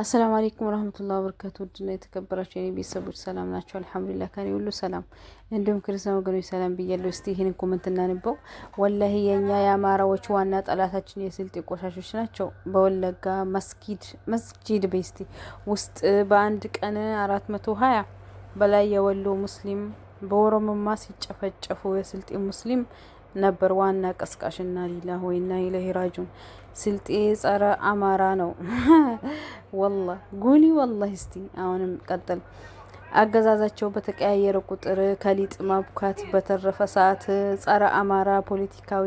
አሰላሙ አሌይኩም ወረህመቱላሂ ወበረካቱ ውድና የተከበራችሁ የኔ ቤተሰቦች ሰላም ናቸው? አልሐምዱሊላህ ከኔ ሁሉ ሰላም፣ እንዲሁም ክርስቲያን ወገኖች ሰላም ብያለሁ። እስቲ ይህንን ኮመንት እናንበው። ወላሂ የእኛ የአማራዎች ዋና ጠላታችን የስልጤ ቆሻሾች ናቸው። በወለጋ መስጊድ መስጂድ ቤስቲ ውስጥ በአንድ ቀን አራት መቶ ሀያ በላይ የወሎ ሙስሊም በኦሮሞማ ሲጨፈጨፉ የስልጤ ሙስሊም ነበር ዋና ቀስቃሽና ሊላ ወይና ኢለሂ ራጁን ስልጤ ጸረ አማራ ነው። ወላ ጉሊ ወላ እስቲ አሁንም ቀጥል። አገዛዛቸው በተቀያየረ ቁጥር ከሊጥ ማቡካት በተረፈ ሰዓት ጸረ አማራ ፖለቲካዊ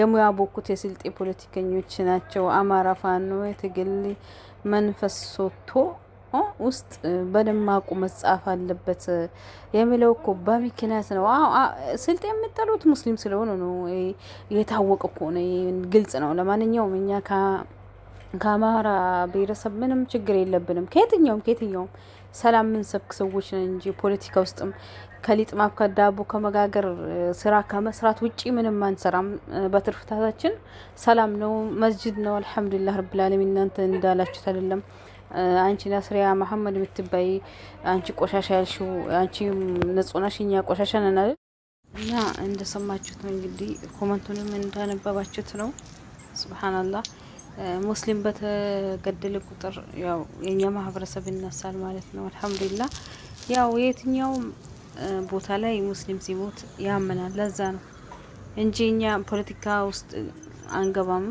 የሚያቦኩት የስልጤ ፖለቲከኞች ናቸው። አማራ ፋኖ የትግል መንፈስ ሶቶ ውስጥ በደማቁ መጻፍ አለበት የሚለው እኮ በምክንያት ነው። ስልጥ የምጠሉት ሙስሊም ስለሆኑ ነው። የታወቀ እኮ ነው፣ ግልጽ ነው። ለማንኛውም እኛ ከአማራ ብሔረሰብ ምንም ችግር የለብንም። ከየትኛውም ከየትኛውም ሰላም ምንሰብክ ሰዎች ነን እንጂ ፖለቲካ ውስጥም ከሊጥ ማብ ከዳቦ ከመጋገር ስራ ከመስራት ውጪ ምንም አንሰራም። በትርፍታታችን ሰላም ነው፣ መስጅድ ነው። አልሐምዱሊላህ ረብል እናንተ እንዳላችሁት አይደለም። አንቺ ናስሪያ መሐመድ የምትባይ አንቺ ቆሻሻ ያልሽው አንቺ ነጾናሽ እኛ ቆሻሻ ነን አይደል? እና እንደሰማችሁት ነው እንግዲህ ኮመንቱንም እንዳነበባችሁት ነው። ስብሓንላህ ሙስሊም በተገደለ ቁጥር ያው የኛ ማህበረሰብ ይነሳል ማለት ነው። አልሐምዱሊላ ያው የትኛውም ቦታ ላይ ሙስሊም ሲሞት ያምናል። ለዛ ነው እንጂ እኛ ፖለቲካ ውስጥ አንገባም፣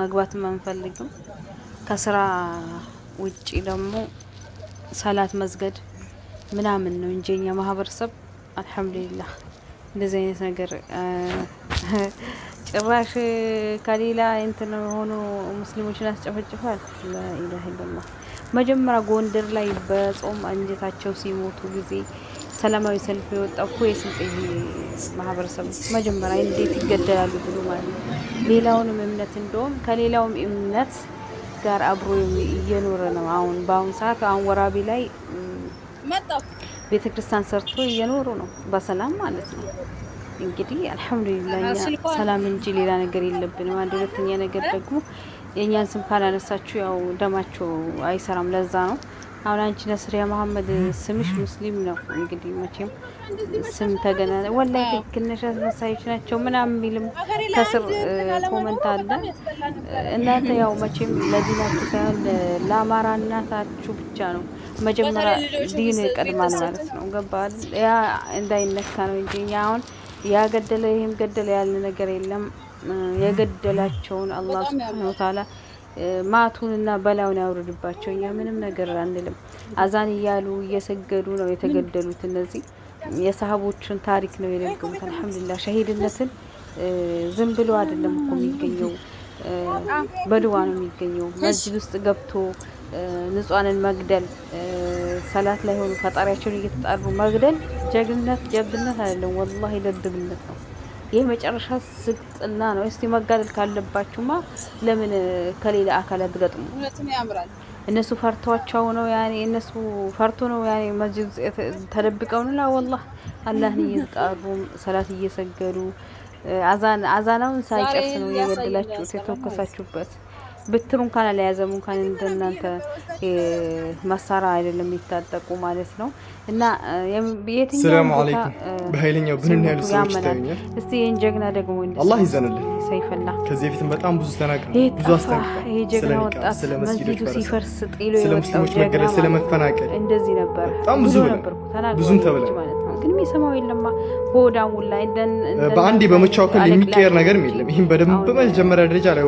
መግባትም አንፈልግም ከስራ ውጪ ደግሞ ሰላት መስገድ ምናምን ነው እንጂ ማህበረሰብ አልሐምዱሊላህ እንደዚህ አይነት ነገር ጭራሽ ከሌላ እንትን ሆኖ ሙስሊሞችን አስጨፈጭፋል ላኢላህ ኢላላህ መጀመሪያ ጎንደር ላይ በጾም አንጀታቸው ሲሞቱ ጊዜ ሰላማዊ ሰልፍ የወጣው እኮ የስልጤ ማህበረሰብ መጀመሪያ እንዴት ይገደላሉ ብሎ ማለት ነው። ሌላውንም እምነት እንደውም ከሌላውም እምነት ጋር አብሮ እየኖረ ነው። አሁን በአሁኑ ሰዓት አሁን ወራቢ ላይ ቤተ ክርስቲያን ሰርቶ እየኖሩ ነው፣ በሰላም ማለት ነው። እንግዲህ አልሐምዱሊላ ሰላም እንጂ ሌላ ነገር የለብንም። አንድ ሁለተኛ ነገር ደግሞ የእኛን ስም ካላነሳችሁ ያው ደማቸው አይሰራም። ለዛ ነው አሁን አንቺ ነስሪያ መሀመድ ስምሽ ሙስሊም ነው። እንግዲህ መቼም ስም ተገና ወላሂ ትክክል ነሽ፣ አስመሳዮች ናቸው ምናምን የሚልም ከስር ኮመንት አለ። እናንተ ያው መቼም ለዲናችሁ ሳይሆን ለአማራ እናታችሁ ብቻ ነው መጀመሪያ ዲን ይቀድማል ማለት ነው። ገባል ያ እንዳይነካ ነው እንጂ እኛ አሁን ያገደለ ይህም ገደለ ያለ ነገር የለም። የገደላቸውን አላህ ስብሐነሁ ወተዓላ ማቱንና በላውን ያውርድባቸው። እኛ ምንም ነገር አንልም። አዛን እያሉ እየሰገዱ ነው የተገደሉት። እነዚህ የሰሃቦቹን ታሪክ ነው የነገሙት። አልሐምዱሊላህ ሸሂድነትን ዝም ብሎ አይደለም እኮ የሚገኘው በድዋ ነው የሚገኘው። መስጂድ ውስጥ ገብቶ ንጹሃንን መግደል፣ ሰላት ላይ ሆኑ ፈጣሪያቸውን እየተጣሩ መግደል ጀግነት ጀብነት አይደለም፣ ወላሂ ለብብነት ነው። የመጨረሻ ስልጥና ነው። እስቲ መጋደል ካለባችሁማ ለምን ከሌላ አካል አትገጥሙ? እነሱ ፈርቷቸው ነው ያኔ እነሱ ፈርቶ ነው ያኔ መስጂድ ተደብቀው ነው። ላ ወላሂ አላህን እየተጣሩ ሰላት እየሰገዱ አዛን አዛናውን ሳይጨርስ ነው የገደላችሁት የተወከሳችሁበት ብትሩ እንኳን አልያዘም። እንኳን እንደናንተ መሳሪያ አይደለም የሚታጠቁ ማለት ነው። እና የትኛው በኃይለኛው ብንን ያሉ ሰዎች ይታዩኛል። እስቲ ይህን ጀግና ደግሞ አላህ ይዘንልን። ሰይፈላ ከዚህ በፊትም በጣም ብዙ ተናግረ ብዙ አስጠንቅቋል። ጀግና ወጣት መስጊዱ ሲፈርስ ጥሎ የወጣው ጀግና ስለ መፈናቀል እንደዚህ ነበር። በጣም ብዙ ነበር ብዙም ተብለን ግን የሚሰማው የለማ። በወዳሙን ላይ በአንዴ በመቻኮል የሚቀየር ነገር የለም። ይህም በደንብ በመጀመሪያ ደረጃ ላይ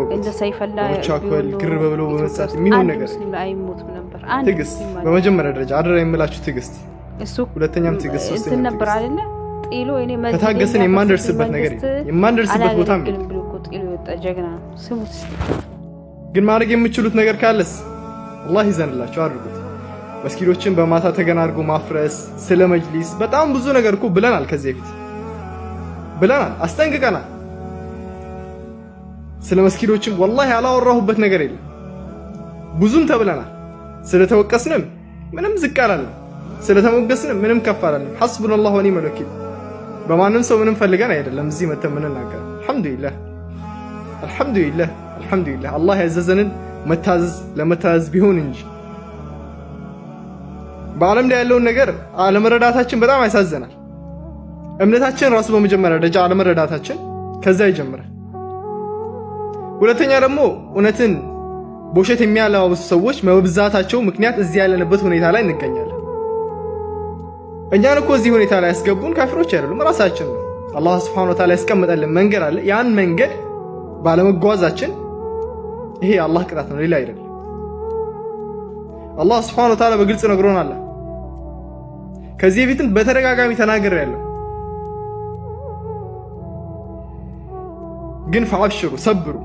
በመቻኮል ግር በብሎ በመጻት የሚሆን ነገር ትዕግስት፣ በመጀመሪያ ደረጃ አደራ የምላችሁ ትዕግስት፣ ሁለተኛም ትዕግስት፣ ሶስተኛ ነበር አይደለ ጤሎ ከታገስን የማንደርስበት ነገር የማንደርስበት ቦታ ግን ማድረግ የምችሉት ነገር ካለስ አላህ ይዘንላቸው አድርጉት። መስጊዶችን በማታ ተገናርጎ ማፍረስ፣ ስለ መጅሊስ በጣም ብዙ ነገር እኮ ብለናል። ከዚህ በፊት ብለናል፣ አስጠንቅቀናል። ስለ መስጊዶችም ወላሂ አላወራሁበት ነገር የለም። ብዙም ተብለናል። ተወቀስንም ምንም ዝቅ አላለም። ስለተሞገስንም ምንም ከፍ አላለም። ሐስቡነላሁ ወኒዕመል ወኪል። በማንም ሰው ምንም ፈልገን አይደለም እዚህ መተን ምንናገር። አልሐምዱሊላህ አልሐምዱሊላህ አልሐምዱሊላህ አላህ ያዘዘንን መታዘዝ ለመታዘዝ ቢሆን እንጂ በዓለም ላይ ያለውን ነገር አለመረዳታችን በጣም ያሳዘናል። እምነታችን ራሱ በመጀመሪያ ደረጃ አለመረዳታችን ከዛ ይጀምራል። ሁለተኛ ደግሞ እውነትን በውሸት የሚያለባበሱ ሰዎች መብዛታቸው ምክንያት እዚህ ያለንበት ሁኔታ ላይ እንገኛለን። እኛን እኮ እዚህ ሁኔታ ላይ ያስገቡን ካፊሮች አይደሉም፣ ራሳችን ነው። አላህ ስብሐነ ወተዓላ ያስቀምጠልን መንገድ አለ። ያን መንገድ ባለመጓዛችን ይሄ አላህ ቅጣት ነው፣ ሌላ አይደለም። አላህ ስብሐነ ወተዓላ በግልጽ ነግሮናል። ከዚህ በፊትም በተደጋጋሚ ተናገር ያለው ግን ፈአብሽሩ ሰብሩ፣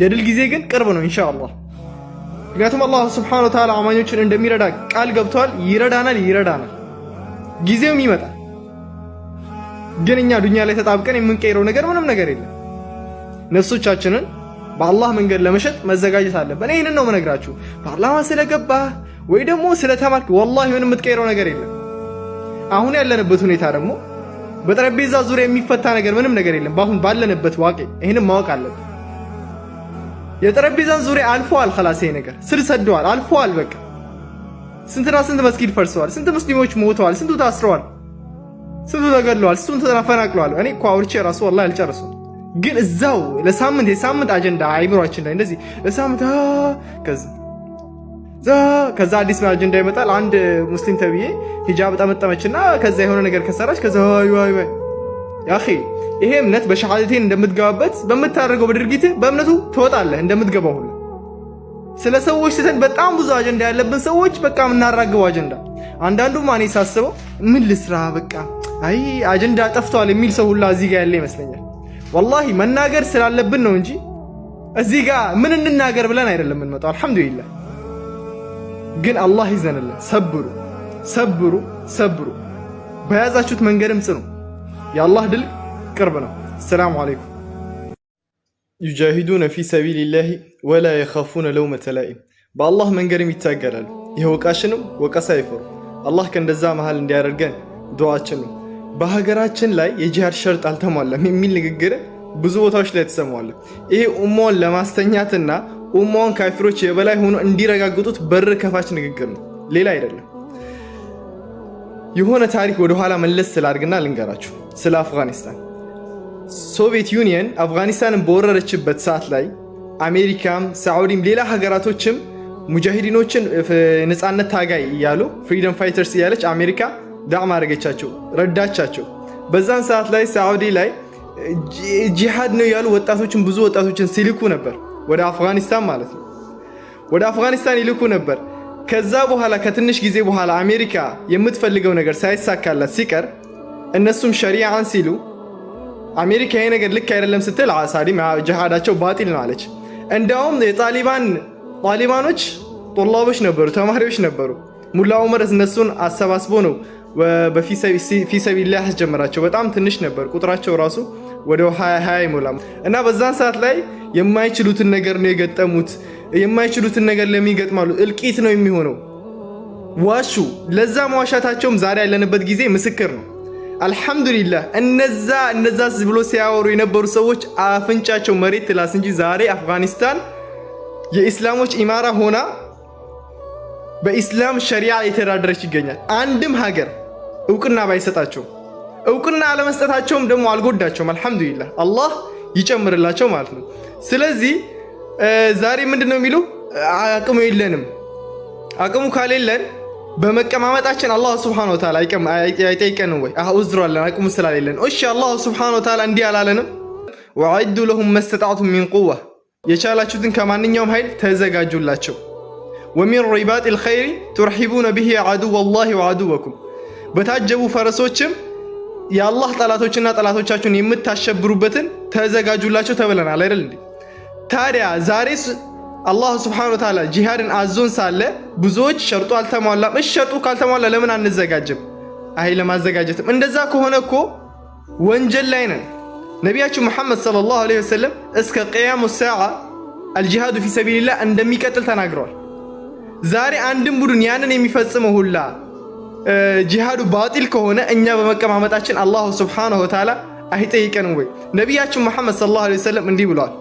የድል ጊዜ ግን ቅርብ ነው ኢንሻአላህ። ምክንያቱም አላህ ስብሐነሁ ወተዓላ አማኞችን እንደሚረዳ ቃል ገብተዋል። ይረዳናል፣ ይረዳናል፣ ጊዜውም ይመጣል። ግን እኛ ዱኛ ላይ ተጣብቀን የምንቀይረው ነገር ምንም ነገር የለም። ነፍሶቻችንን በአላህ መንገድ ለመሸጥ መዘጋጀት አለብን። ይህንን ነው መነግራችሁ። ፓርላማ ስለገባህ ወይ ደግሞ ስለተማርክ ወላሂ ምን የምትቀይረው ነገር የለም። አሁን ያለንበት ሁኔታ ደግሞ በጠረጴዛ ዙሪያ የሚፈታ ነገር ምንም ነገር የለም። በአሁን ባለንበት ዋቂ ይህንም ማወቅ አለብን። የጠረጴዛን ዙሪያ አልፈዋል። ኸላስ ይሄ ነገር ስር ሰደዋል፣ አልፈዋል። በቃ ስንትና ስንት መስጊድ ፈርሰዋል፣ ስንት ሙስሊሞች ሞተዋል፣ ስንቱ ታስረዋል፣ ስንቱ ተገለዋል፣ ስንቱ ተፈናቅለዋል። እኔ እኮ አውርቼ ራሱ ወላሂ አልጨርሱም። ግን እዛው ለሳምንት የሳምንት አጀንዳ አይምሯችን ላይ እንደዚህ ለሳምንት ከዚህ ከዛ አዲስ መርጅ እንዳይመጣል አንድ ሙስሊም ተብዬ ሂጃብ ጠመጠመችና ከዛ የሆነ ነገር ከሰራች ከዛ ያ ይሄ እምነት በሸሃደቴን እንደምትገባበት በምታደርገው በድርጊት በእምነቱ ትወጣለህ እንደምትገባ ሁሉ ስለ ሰዎች ስተን በጣም ብዙ አጀንዳ ያለብን ሰዎች በቃ የምናራግበው አጀንዳ አንዳንዱ ማኔ ሳስበው ምን ልስራ በቃ አይ አጀንዳ ጠፍቷል የሚል ሰው ሁላ እዚህ ጋር ያለ ይመስለኛል። ወላሂ መናገር ስላለብን ነው እንጂ እዚህ ጋር ምን እንናገር ብለን አይደለም የምንመጣው። አልሐምዱሊላህ ግን አላህ ይዘንልን። ሰብሩ ሰብሩ ሰብሩ። በያዛችሁት መንገድም ጽኑ። የአላህ ድል ቅርብ ነው። ሰላሙ አለይኩም። ዩጃሂዱነ ፊ ሰቢልላሂ ወላ የኻፉነ ለውመተ ላኢም። በአላህ መንገድም ይታገላሉ፣ የወቃሽንም ወቀሳ አይፈሩ። አላህ ከእንደዛ መሃል እንዲያደርገን ዱዓችን ነው። በሀገራችን ላይ የጂሃድ ሸርጥ አልተሟላም የሚል ንግግርን ብዙ ቦታዎች ላይ ተሰማዋል። ይሄ ኡማውን ለማስተኛትና ኡማውን ካፊሮች የበላይ ሆኖ እንዲረጋግጡት በር ከፋች ንግግር ነው፣ ሌላ አይደለም። የሆነ ታሪክ ወደኋላ መለስ ስላድግና ልንገራችሁ ስለ አፍጋኒስታን። ሶቪየት ዩኒየን አፍጋኒስታንን በወረረችበት ሰዓት ላይ አሜሪካም ሳዑዲም ሌላ ሀገራቶችም ሙጃሂዲኖችን ነፃነት ታጋይ እያሉ ፍሪደም ፋይተርስ እያለች አሜሪካ ዳዕም አደረገቻቸው፣ ረዳቻቸው። በዛን ሰዓት ላይ ሳዑዲ ላይ ጂሃድ ነው ያሉ ወጣቶችን ብዙ ወጣቶችን ሲልኩ ነበር፣ ወደ አፍጋኒስታን ማለት ነው። ወደ አፍጋኒስታን ይልኩ ነበር። ከዛ በኋላ ከትንሽ ጊዜ በኋላ አሜሪካ የምትፈልገው ነገር ሳይሳካላት ሲቀር እነሱም ሸሪዓን ሲሉ አሜሪካ ይሄ ነገር ልክ አይደለም ስትል ሳዲ ጅሃዳቸው ባጢል ነው አለች። እንዲያውም የጣሊባን ጣሊባኖች ጦላቦች ነበሩ፣ ተማሪዎች ነበሩ። ሙላ ዑመር እነሱን አሰባስቦ ነው በፊሰቢላ ያስጀመራቸው። በጣም ትንሽ ነበር ቁጥራቸው ራሱ ወደ ሀያ ሀያ እና በዛን ሰዓት ላይ የማይችሉትን ነገር ነው የገጠሙት። የማይችሉትን ነገር ለሚገጥማሉ እልቂት ነው የሚሆነው። ዋሹ። ለዛ መዋሻታቸውም ዛሬ ያለንበት ጊዜ ምስክር ነው። አልሐምዱሊላህ እነዛ እነዛ ብሎ ሲያወሩ የነበሩ ሰዎች አፍንጫቸው መሬት ትላስ እንጂ ዛሬ አፍጋኒስታን የኢስላሞች ኢማራ ሆና በኢስላም ሸሪዓ የተዳደረች ይገኛል። አንድም ሀገር እውቅና ባይሰጣቸው እውቅና አለመስጠታቸውም ደግሞ አልጎዳቸውም። አልሐምዱሊላህ አላህ ይጨምርላቸው ማለት ነው። ስለዚህ ዛሬ ምንድን ነው የሚሉ አቅሙ የለንም። አቅሙ ካሌለን በመቀማመጣችን አላህ ስብሐነ ወተዓላ አይጠይቀንም ወይ? ውዝሯለን አቅሙ ስላሌለን። እሺ አላህ ስብሐነ ወተዓላ እንዲህ አላለንም? ወአዱ ለሁም መስተጣቱ ሚን ቁዋ የቻላችሁትን ከማንኛውም ኃይል ተዘጋጁላቸው። ወሚን ሪባጢል ኸይሪ ቱርሒቡነ ብሂ አዱወላሂ ወአዱወኩም በታጀቡ ፈረሶችም የአላህ ጠላቶችና ጠላቶቻችሁን የምታሸብሩበትን ተዘጋጁላቸው ተብለናል አይደል እንዴ? ታዲያ ዛሬ አላህ ስብሐነ ወተዓላ ጂሃድን አዞን ሳለ ብዙዎች ሸርጡ አልተሟላም። እሺ ሸርጡ ካልተሟላ ለምን አንዘጋጅም? አይ ለማዘጋጀትም እንደዛ ከሆነ እኮ ወንጀል ላይ ነን። ነቢያችን ሙሐመድ ሰለላሁ ዐለይሂ ወሰለም እስከ ቅያሙ ሰዓ አልጂሃዱ ፊ ሰቢልላህ እንደሚቀጥል ተናግረዋል። ዛሬ አንድም ቡድን ያንን የሚፈጽመው ሁላ ጂሃዱ ባጢል ከሆነ እኛ በመቀማመጣችን አላሁ ስብሓነሁ ወተዓላ አይጠይቀንም ወይ? ነቢያችን መሐመድ ሰለላሁ ዐለይሂ ወሰለም እንዲህ ብለዋል።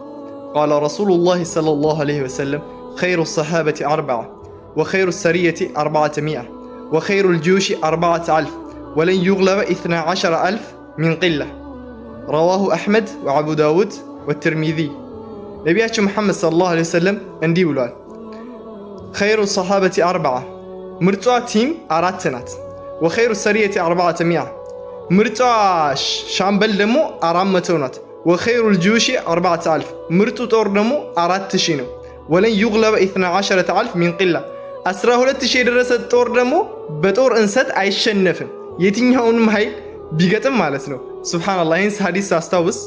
ቃለ ረሱሉላሂ ሰለላሁ ዐለይሂ ወሰለም ኸይሩ ሰሓበቲ አርበዓ ወኸይሩ ሰሪየቲ አርበዓተ ሚአ ወኸይሩ ልጁሺ አርበዓተ አልፍ ወለን ዩግለበ ኢስና ዐሸረ አልፍ ሚን ቂላ ረዋሁ አሕመድ ወአቡ ዳውድ ወትርሚዚ። ነቢያችን መሐመድ ሰለላሁ ዐለይሂ ወሰለም እንዲህ ብለዋል። ኸይሩ ሰሓበቲ አርበዓ ምርጫ ቲም አራት ናት። ወኸይሩ ሰሪየቲ አርባዓተ ሚያ ምርጫ ሻምበል ደግሞ አራት መቶ ናት። ወኸይሩ ልጅዩሺ አርባዓተ አልፍ ምርጡ ጦር ደግሞ አራት ሺ ነው። ወለን ዩግለበ ኢትና ዓሸረተ አልፍ ሚን ቂላ አስራ ሁለት ሺህ የደረሰ ጦር ደግሞ በጦር እንሰት አይሸነፍም የትኛውንም ሀይል ቢገጥም ማለት ነው። ሱብሓነላህ ይህን ሀዲስ አስታውስ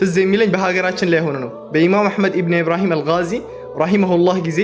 ትዝ የሚለኝ በሀገራችን ላይ ሆነ ነው በኢማም አሕመድ ኢብን ኢብራሂም አልጋዚ ራሂመሁላህ ጊዜ